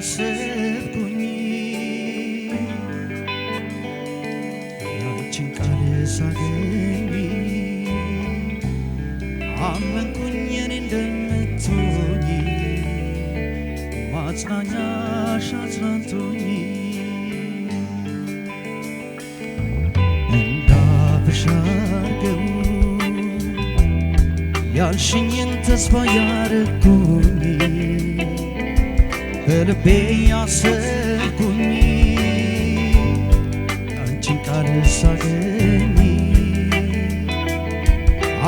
አሰብኩኝ ያችን ቃል ሳገኝ አመንኩኝን እንደምትሆኝ ማጽናኛሽ አጽናንቶኝ እንዳበሻርገው ያልሽኝን ተስፋ ያረግኩኝ ከልቤ ያሰብኩኝ አንቺን ቃል ሳገኝ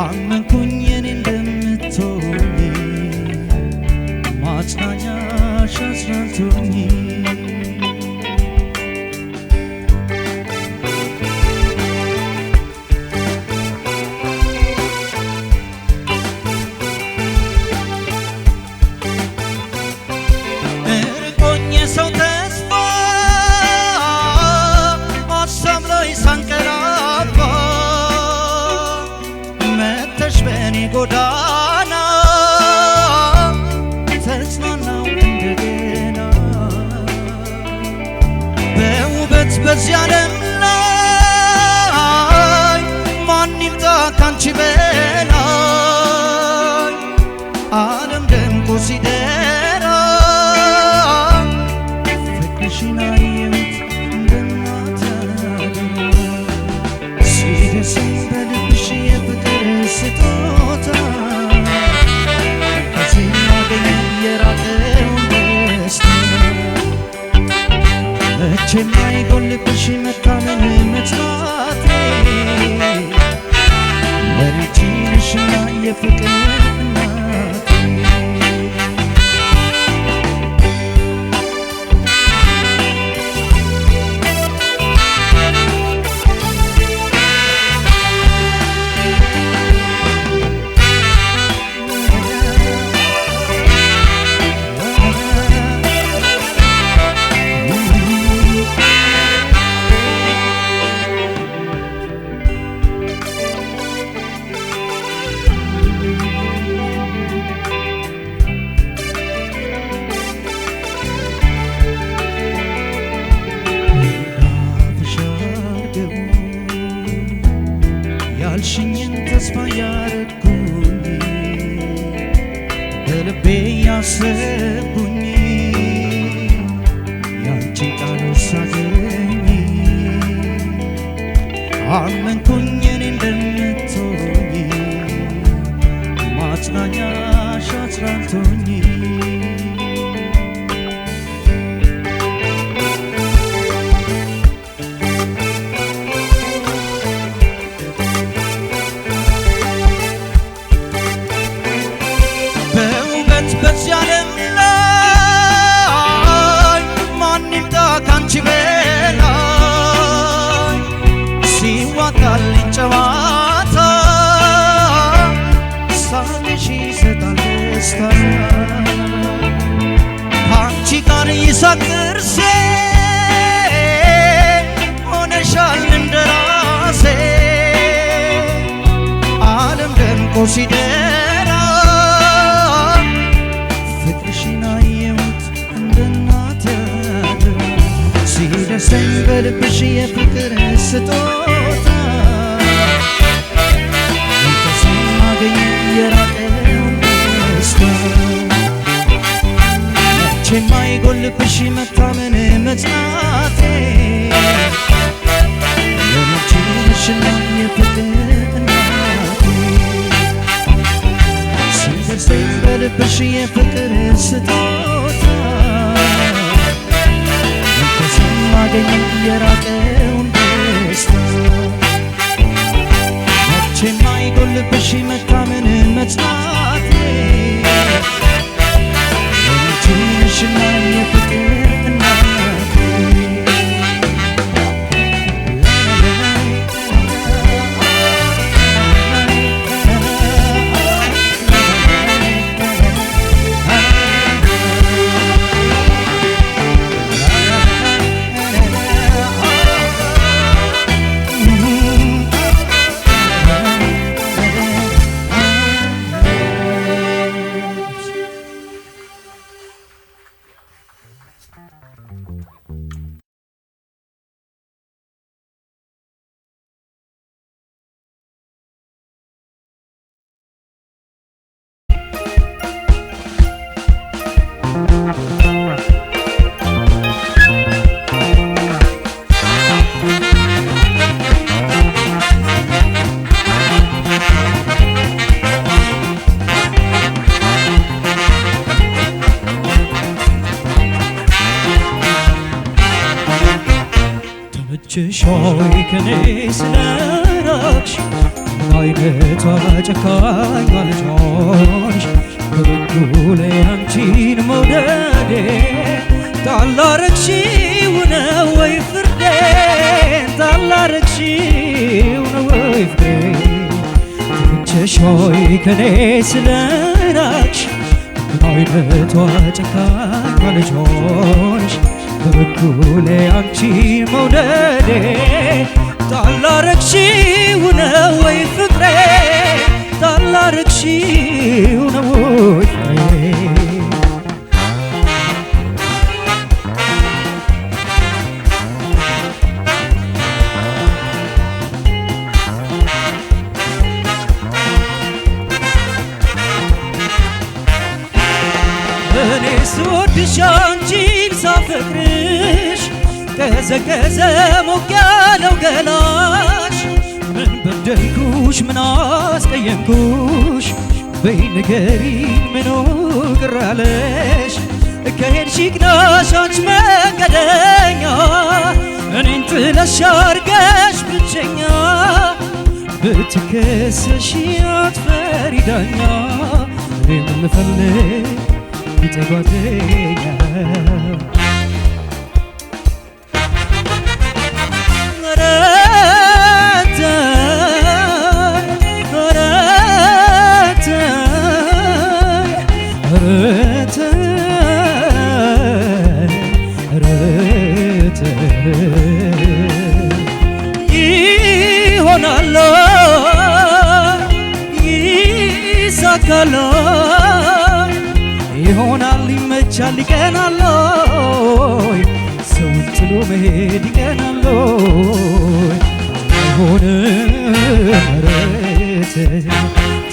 አመንኩኝ እኔ እንደምትሆኝ ማጽናኛሽ አጽናንቶኝ watching አመንኩኝ እኔ እንደምትሆኝ ማጽናኛሽ አጽናንቶኝ ደስታ አንቺ ጋር ይሳቅ ጥርሴ ሆነሻል እንደራሴ ዓለም ደምቆ ሲደራ ፍቅርሽን አየሁት እንደናት ሲደርሰኝ በልብሽ የፍቅር ስጦታ መቼ ማይጎልብሽ መታመን መጽናቴ seni siler akşam አይነት ጨካኝ አልጆሽ በበኩሌ አንቺን መውደዴ ታላረግሽው ነው ወይ ፍርዴ ታላረግሽው ነው ወይ ፍርዴ ትቼሽ ሆይ ከኔ ስለራቅሽ አይነቷ ጨካኝ አልጆሽ በበኩሌ አንቺን መውደዴ ታላረግሺው ነው ወይ ፍቅሬ ታላረግሺው ነው ወይ ፍቅሬ እኔ ስወድሽ አንቺን ሳፈቅር ቀዘቀዘ ሞቅ ያለው ገላሽ ምን በደልኩሽ ምን አስቀየምኩሽ በይ ንገሪኝ ምኑ ቅር አለሽ ከሄድሽ ይቅናሽ መንገደኛ እኔን ጥለሽ አርገሽ ብቸኛ ብትከሰሽ አትፈሪ ዳኛ እኔ የምፈልግ ይጠጓደኛል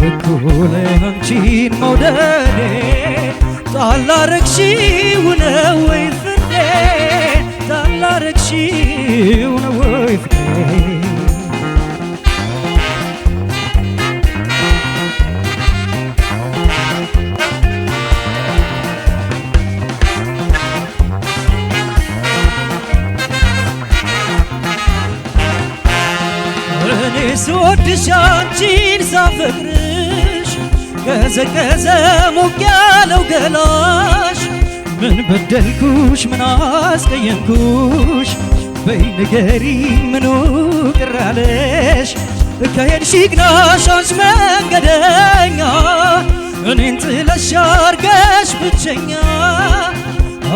በበኩል አንቺን መውደዴ ታላረግሺው ነው ወይ ፍርዴ ታላረግሺው ነው ወይ ፍርዴ እኔ ስወድሽ አንቺን ሳፈቅ ቀዘቀዘ ሞቅ ያለው ገላሽ ምን በደልኩሽ ምን አስቀየምኩሽ በይ ንገሪ ምኑ ቅር አለሽ ከሄድሽ ይቅናሽ አንቺ መንገደኛ እኔን ጥለሽ አርገሽ ብቸኛ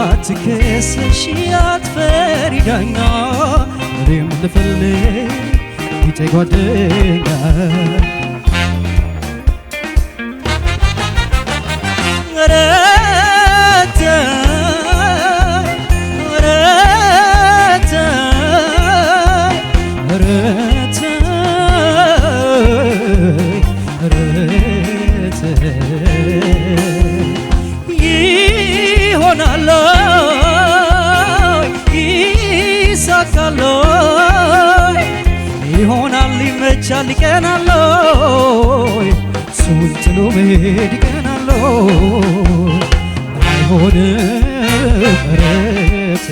አትከሰሽ አትፈሪ ዳኛ እኔም ልፈልግ ቢጤ ጓደኛ ይመሻል ይቀናል ሰውን ጥሎ መሄድ ይቀናል አይሆንም ረት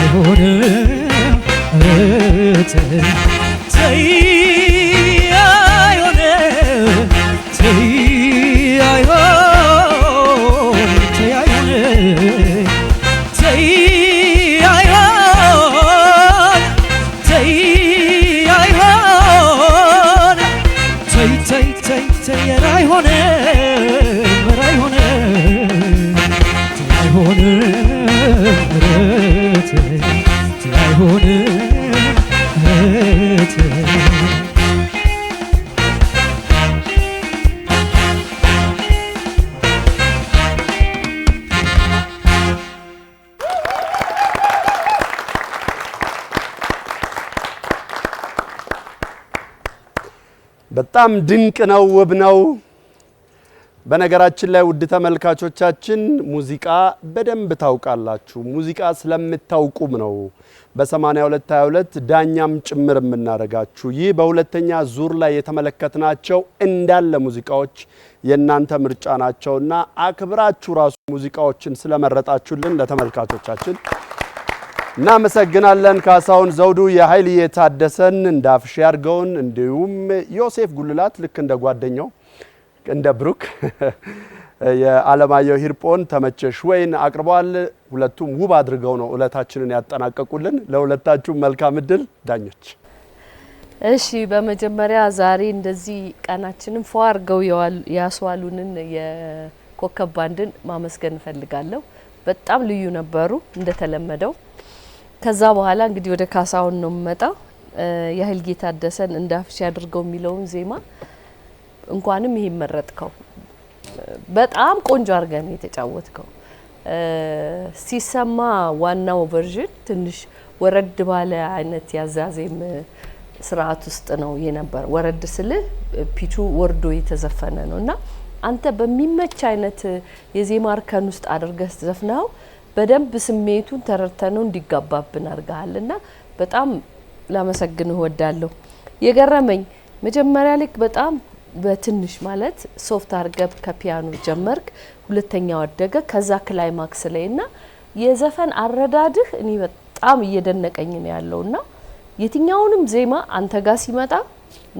አይሆንም ረት ይሆነ ምራ ይሆነ ትላይሆነ ምረት ትላይሆነ ምረት በጣም ድንቅ ነው፣ ውብ ነው። በነገራችን ላይ ውድ ተመልካቾቻችን ሙዚቃ በደንብ ታውቃላችሁ። ሙዚቃ ስለምታውቁም ነው በ8222 ዳኛም ጭምር የምናደርጋችሁ። ይህ በሁለተኛ ዙር ላይ የተመለከትናቸው እንዳለ ሙዚቃዎች የእናንተ ምርጫ ናቸውና አክብራችሁ ራሱ ሙዚቃዎችን ስለመረጣችሁልን ለተመልካቾቻችን እናመሰግናለን። ካሳሁን ዘውዱ የኃይልዬ ታደሰን እንዳፍሽ ያድርገውን እንዲሁም ዮሴፍ ጉልላት ልክ እንደ ጓደኛው እንደ ብሩክ የአለማየሁ ሂርጶን ተመቸሽ ወይን አቅርበዋል። ሁለቱም ውብ አድርገው ነው እለታችንን ያጠናቀቁልን። ለሁለታችሁም መልካም እድል ዳኞች። እሺ፣ በመጀመሪያ ዛሬ እንደዚህ ቀናችንን ፎ አድርገው ያስዋሉንን የኮከብ ባንድን ማመስገን እንፈልጋለሁ። በጣም ልዩ ነበሩ እንደተለመደው። ከዛ በኋላ እንግዲህ ወደ ካሳሁን ነው የምመጣው። ያህል ጌታ ደሰን እንዳፍሽ ያድርገው የሚለውን ዜማ እንኳንም ይሄ መረጥከው በጣም ቆንጆ አድርገህ ነው የተጫወትከው። ሲሰማ ዋናው ቨርዥን ትንሽ ወረድ ባለ አይነት ያዛዜም ስርዓት ውስጥ ነው የነበረ። ወረድ ስልህ ፒቹ ወርዶ የተዘፈነ ነው እና አንተ በሚመች አይነት የዜማ እርከን ውስጥ አድርገህ ዘፍነው በደንብ ስሜቱን ተረድተነው እንዲጋባብን አድርገሃል እና በጣም ላመሰግንህ እወዳለሁ። የገረመኝ መጀመሪያ ልክ በጣም በትንሽ ማለት ሶፍት አርገብ ከፒያኖ ጀመርክ፣ ሁለተኛው አደገ፣ ከዛ ክላይማክስ ላይ እና የዘፈን አረዳድህ እኔ በጣም እየደነቀኝ ነው ያለው እና የትኛውንም ዜማ አንተ ጋር ሲመጣ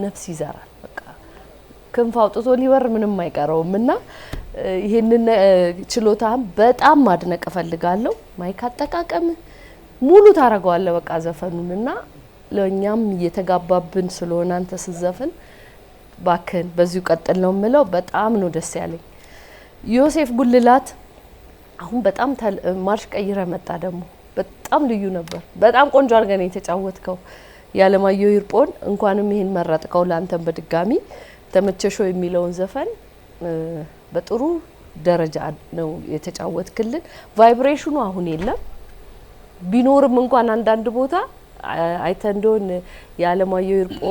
ነፍስ ይዘራል። በቃ ክንፍ አውጥቶ ሊበር ምንም አይቀረውም እና ይህንን ችሎታህም በጣም ማድነቅ እፈልጋለሁ። ማይክ አጠቃቀምህ ሙሉ ታረገዋለህ በቃ ዘፈኑን እና ለእኛም እየተጋባብን ስለሆነ አንተ ስዘፍን ባክን በዚሁ ቀጥል ነው የምለው። በጣም ነው ደስ ያለኝ። ዮሴፍ ጉልላት አሁን በጣም ማርሽ ቀይረ መጣ። ደግሞ በጣም ልዩ ነበር። በጣም ቆንጆ አድርገን የተጫወትከው የአለማየሁ ይርጶን እንኳንም ይህን መረጥከው። ለአንተን በድጋሚ ተመቸሾ የሚለውን ዘፈን በጥሩ ደረጃ ነው የተጫወትክልን። ቫይብሬሽኑ አሁን የለም ቢኖርም እንኳን አንዳንድ ቦታ አይተ እንደሆን የአለማየሁ ይርጶ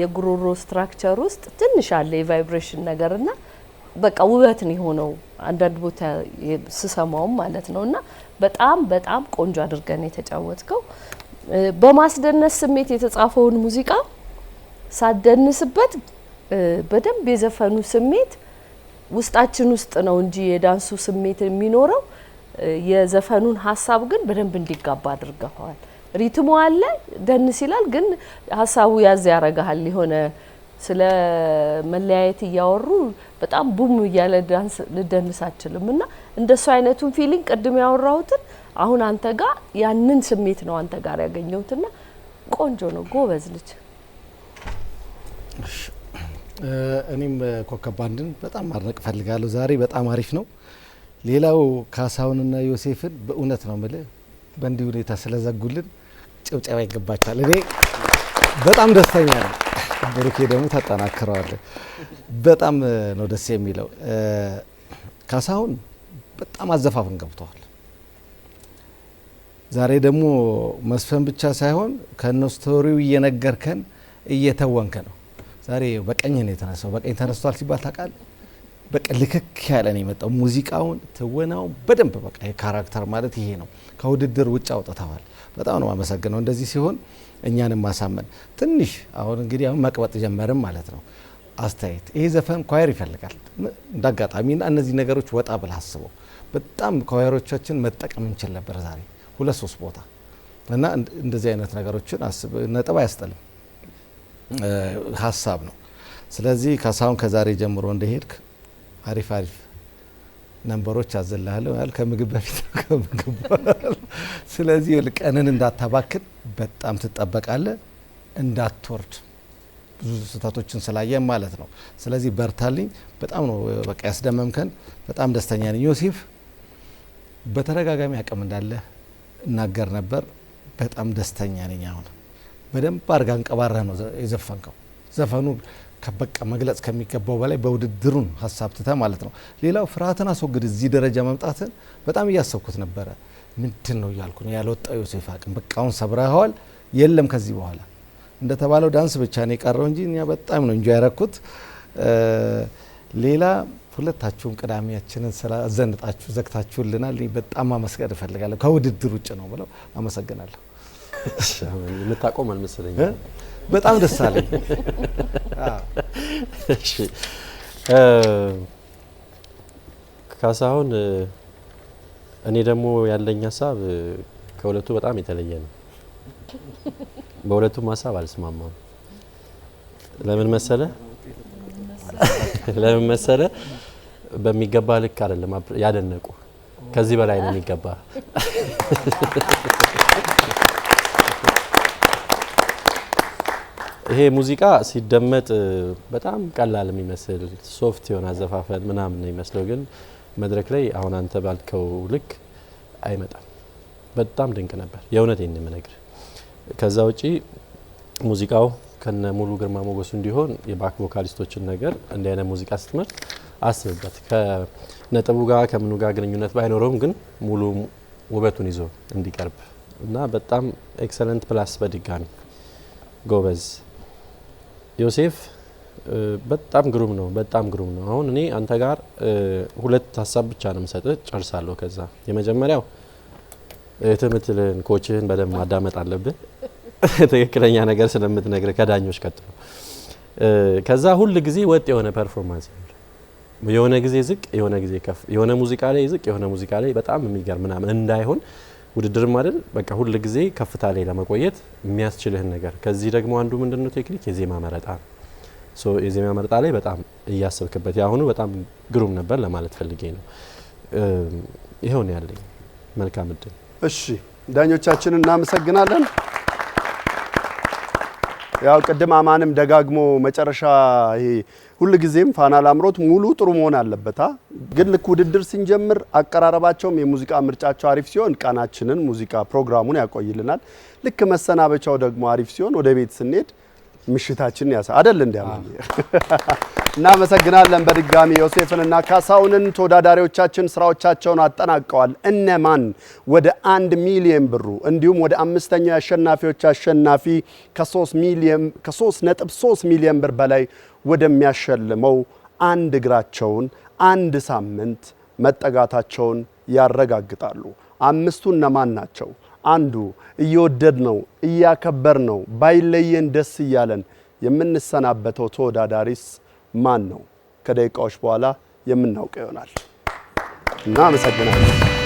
የጉሮሮ ስትራክቸር ውስጥ ትንሽ አለ የቫይብሬሽን ነገር ና በቃ ውበት ነው የሆነው። አንዳንድ ቦታ ስሰማውም ማለት ነው እና በጣም በጣም ቆንጆ አድርገን የተጫወትከው በማስደነስ ስሜት የተጻፈውን ሙዚቃ ሳደንስበት በደንብ የዘፈኑ ስሜት ውስጣችን ውስጥ ነው እንጂ የዳንሱ ስሜት የሚኖረው የዘፈኑን ሀሳብ ግን በደንብ እንዲጋባ አድርገዋል። ሪትሙ አለ ደንስ ይላል፣ ግን ሀሳቡ ያዝ ያረጋል። የሆነ ስለ መለያየት እያወሩ በጣም ቡም እያለ ዳንስ ልደንስ አችልም እና እንደሱ አይነቱን ፊሊንግ ቅድም ያወራሁትን አሁን አንተ ጋር ያንን ስሜት ነው አንተ ጋር ያገኘሁትና ቆንጆ ነው። ጎበዝ ልጅ። እኔም ኮከብ ባንድን በጣም ማድነቅ ፈልጋለሁ ዛሬ በጣም አሪፍ ነው። ሌላው ካሳሁንና ዮሴፍን በእውነት ነው ምልህ በእንዲህ ሁኔታ ስለዘጉልን ጭብጨባ ይገባቸዋል። እኔ በጣም ደስተኛ ነው። ብሩኬ ደግሞ ታጠናክረዋል። በጣም ነው ደስ የሚለው። ካሳሁን በጣም አዘፋፍን ገብተዋል። ዛሬ ደግሞ መስፈን ብቻ ሳይሆን ከነ ስቶሪው እየነገርከን እየተወንከ ነው። ዛሬ በቀኝ ነው የተነሳው። በቀኝ ተነስቷል ሲባል ታውቃል። በቃ ልክክ ያለ ነው የመጣው ሙዚቃውን፣ ትወናውን በደንብ በቃ የካራክተር ማለት ይሄ ነው። ከውድድር ውጭ አውጥተዋል። በጣም ነው ማመሰግነው። እንደዚህ ሲሆን እኛንም ማሳመን ትንሽ አሁን እንግዲህ አሁን መቅበጥ ጀመርም ማለት ነው። አስተያየት ይሄ ዘፈን ኳየር ይፈልጋል። እንዳጋጣሚ ና እነዚህ ነገሮች ወጣ ብለህ አስበው። በጣም ኳየሮቻችን መጠቀም እንችል ነበር ዛሬ ሁለት ሶስት ቦታ እና እንደዚህ አይነት ነገሮችን አስብ። ነጥብ አያስጠልም፣ ሀሳብ ነው። ስለዚህ ካሳሁን ከዛሬ ጀምሮ እንደሄድክ አሪፍ አሪፍ ነንበሮች አዘልሃለሁ ያል ከምግብ በፊት ከምግብ ስለዚህ ቀንን እንዳታባክን በጣም ትጠበቃለ እንዳትወርድ ብዙ ስህተቶችን ስላየን ማለት ነው። ስለዚህ በርታልኝ። በጣም ነው በቃ ያስደመምከን። በጣም ደስተኛ ነኝ። ዮሴፍ በተደጋጋሚ አቅም እንዳለ እናገር ነበር። በጣም ደስተኛ ነኝ። አሁን በደንብ አድርጋ አንቀባረህ ነው የዘፈንከው ዘፈኑ በቃ መግለጽ ከሚገባው በላይ በውድድሩን ሀሳብ ትተ ማለት ነው። ሌላው ፍርሃትን አስወግድ እዚህ ደረጃ መምጣትን በጣም እያሰብኩት ነበረ። ምንድን ነው እያልኩ ነው ያልወጣው ዮሴፍ አቅም በቃ አሁን ሰብረኸዋል፣ የለም ከዚህ በኋላ እንደተባለው ዳንስ ብቻ ነው የቀረው እንጂ እኛ በጣም ነው እንጂ ያረኩት። ሌላ ሁለታችሁም ቅዳሜያችንን ስላዘንጣችሁ ዘግታችሁልናል። በጣም ማመስገን እፈልጋለሁ። ከውድድር ውጭ ነው ብለው አመሰግናለሁ። የምታቆም አልመሰለኝም። በጣም ደስ አለኝ። ካሳሁን፣ እኔ ደግሞ ያለኝ ሀሳብ ከሁለቱ በጣም የተለየ ነው። በሁለቱም ሀሳብ አልስማማም። ለምን መሰለ ለምን መሰለ በሚገባ ልክ አይደለም ያደነቁ ከዚህ በላይ ነው የሚገባ ይሄ ሙዚቃ ሲደመጥ በጣም ቀላል የሚመስል ሶፍት የሆነ አዘፋፈን ምናምን ነው ይመስለው፣ ግን መድረክ ላይ አሁን አንተ ባልከው ልክ አይመጣም። በጣም ድንቅ ነበር፣ የእውነት ይህን የምነግር። ከዛ ውጪ ሙዚቃው ከነ ሙሉ ግርማ ሞገሱ እንዲሆን የባክ ቮካሊስቶችን ነገር እንዲህ አይነት ሙዚቃ ስትመርጥ አስብበት። ከነጥቡ ጋር ከምኑ ጋር ግንኙነት ባይኖረውም ግን ሙሉ ውበቱን ይዞ እንዲቀርብ እና በጣም ኤክሰለንት ፕላስ በድጋሚ ጎበዝ ዮሴፍ በጣም ግሩም ነው። በጣም ግሩም ነው። አሁን እኔ አንተ ጋር ሁለት ሀሳብ ብቻ ነው የምሰጥህ፣ ጨርሳለሁ። ከዛ የመጀመሪያው ትምትልህን ኮችህን በደንብ ማዳመጥ አለብህ፣ ትክክለኛ ነገር ስለምትነግር ከዳኞች ቀጥሎ። ከዛ ሁል ጊዜ ወጥ የሆነ ፐርፎርማንስ የሆነ ጊዜ ዝቅ የሆነ ጊዜ ከፍ የሆነ ሙዚቃ ላይ ዝቅ የሆነ ሙዚቃ ላይ በጣም የሚገርም ምናምን እንዳይሆን ውድድርም አይደል በቃ ሁል ጊዜ ከፍታ ላይ ለመቆየት የሚያስችልህን ነገር። ከዚህ ደግሞ አንዱ ምንድነው ቴክኒክ የዜማ መረጣ ነው። ሶ የዜማ መረጣ ላይ በጣም እያሰብክበት የአሁኑ በጣም ግሩም ነበር ለማለት ፈልጌ ነው። ይኸው ነው ያለኝ። መልካም እድል። እሺ ዳኞቻችን እናመሰግናለን። ያው ቅድም አማንም ደጋግሞ መጨረሻ ይሄ ጊዜም ፋና ላምሮት ሙሉ ጥሩ መሆን አለበታ ግን ልክ ውድድር ስንጀምር አቀራረባቸውም የሙዚቃ ምርጫቸው አሪፍ ሲሆን ቀናችንን ሙዚቃ ፕሮግራሙን ያቆይልናል። ልክ መሰናበቻው ደግሞ አሪፍ ሲሆን ወደ ቤት ስንሄድ ምሽታችን ያሳ አደል እንዲ እናመሰግናለን። በድጋሚ ዮሴፍንና ካሳውንን ተወዳዳሪዎቻችን ስራዎቻቸውን አጠናቀዋል። እነማን ወደ አንድ ሚሊየን ብሩ እንዲሁም ወደ አምስተኛው የአሸናፊዎች አሸናፊ ከሶስት ነጥብ ሶስት ሚሊየን ብር በላይ ወደሚያሸልመው አንድ እግራቸውን አንድ ሳምንት መጠጋታቸውን ያረጋግጣሉ። አምስቱ እነማን ናቸው? አንዱ እየወደድ ነው እያከበር ነው ባይለየን ደስ እያለን የምንሰናበተው ተወዳዳሪስ ማን ነው? ከደቂቃዎች በኋላ የምናውቀው ይሆናል እና አመሰግናለሁ።